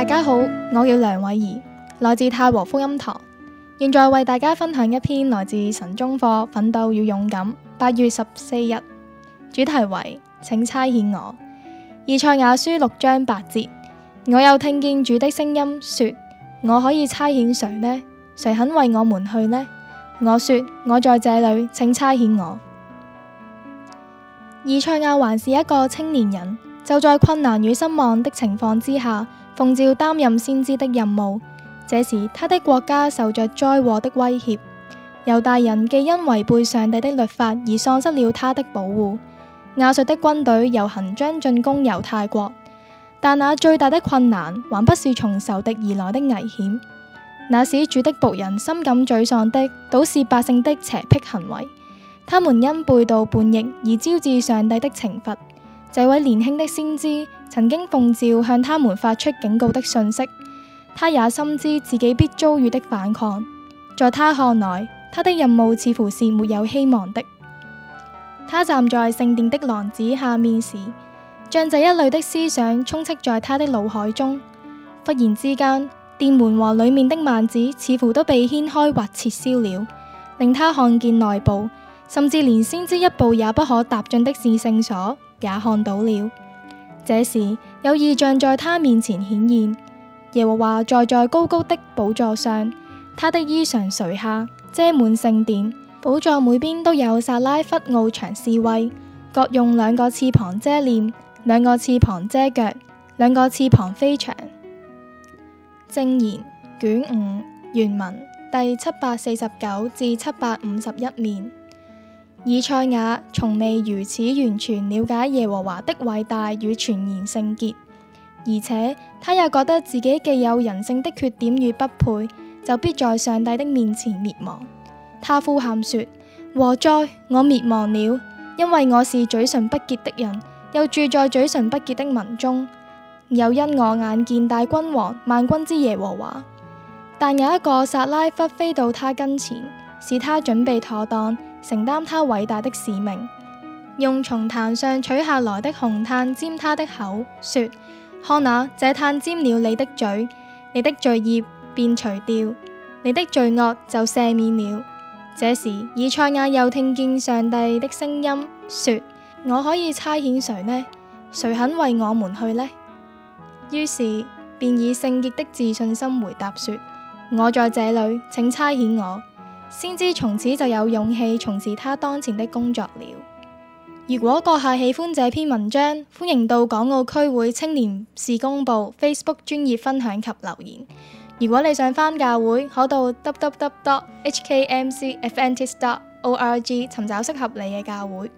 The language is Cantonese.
大家好，我叫梁偉儀，來自太和福音堂，現在為大家分享一篇來自神中課《奮鬥與勇敢》，八月十四日，主題為請差遣我，以賽亞書六章八節，我又聽見主的聲音說，我可以差遣誰呢？誰肯為我們去呢？我說，我在這裏，請差遣我。以賽亞還是一個青年人。就在困難與失望的情況之下，奉召擔任先知的任務。這時，他的國家受着災禍的威脅，猶大人既因違背上帝的律法而喪失了他的保護，亞述的軍隊又行將進攻猶太國。但那最大的困難，還不是從仇敵而來的危險，那使主的僕人深感沮喪的，倒是百姓的邪僻行為，他們因背道叛逆而招致上帝的懲罰。這位年輕的先知曾經奉召向他們發出警告的信息，他也深知自己必遭遇的反抗。在他看來，他的任務似乎是沒有希望的。他站在聖殿的廊子下面時，將這一類的思想充斥在他的腦海中。忽然之間，殿門和裏面的幔子似乎都被掀開或撤銷了，令他看見內部，甚至連先知一步也不可踏進的至聖所。也看到了，這時有異象在他面前顯現。耶和華坐在，在高高的寶座上，他的衣裳垂下，遮滿聖殿。寶座每邊都有撒拉弗翱翔侍立，各用兩個翅膀遮臉，兩個翅膀遮腳，兩個翅膀飛翔。證言卷五原文第七百四十九至七百五十一面。以賽亞從未如此完全了解耶和華的偉大與全然聖潔，而且他也覺得自己既有人性的缺點與不配，就必在上帝的面前滅亡。他呼喊說：禍哉，我滅亡了，因為我是嘴唇不潔的人，又住在嘴唇不潔的民中，又因我眼見大君王、萬軍之耶和華。但有一個撒拉弗飛到他跟前，使他準備妥當。承擔他偉大的使命，用從壇上取下來的紅炭沾他的口，說：看那，這炭沾了你的嘴，你的罪孽便除掉，你的罪惡就赦免了。這時，以賽亞又聽見上帝的聲音說：我可以差遣誰呢？誰肯為我們去呢？於是，便以聖潔的自信心回答說：我在這裏，請差遣我。先知，從此就有勇氣從事他當前的工作了。如果閣下喜歡這篇文章，歡迎到港澳區會青年事工部 Facebook 專頁分享及留言。如果你想翻教會，可到 w w h k m c f n s t a r o r g 尋找適合你嘅教會。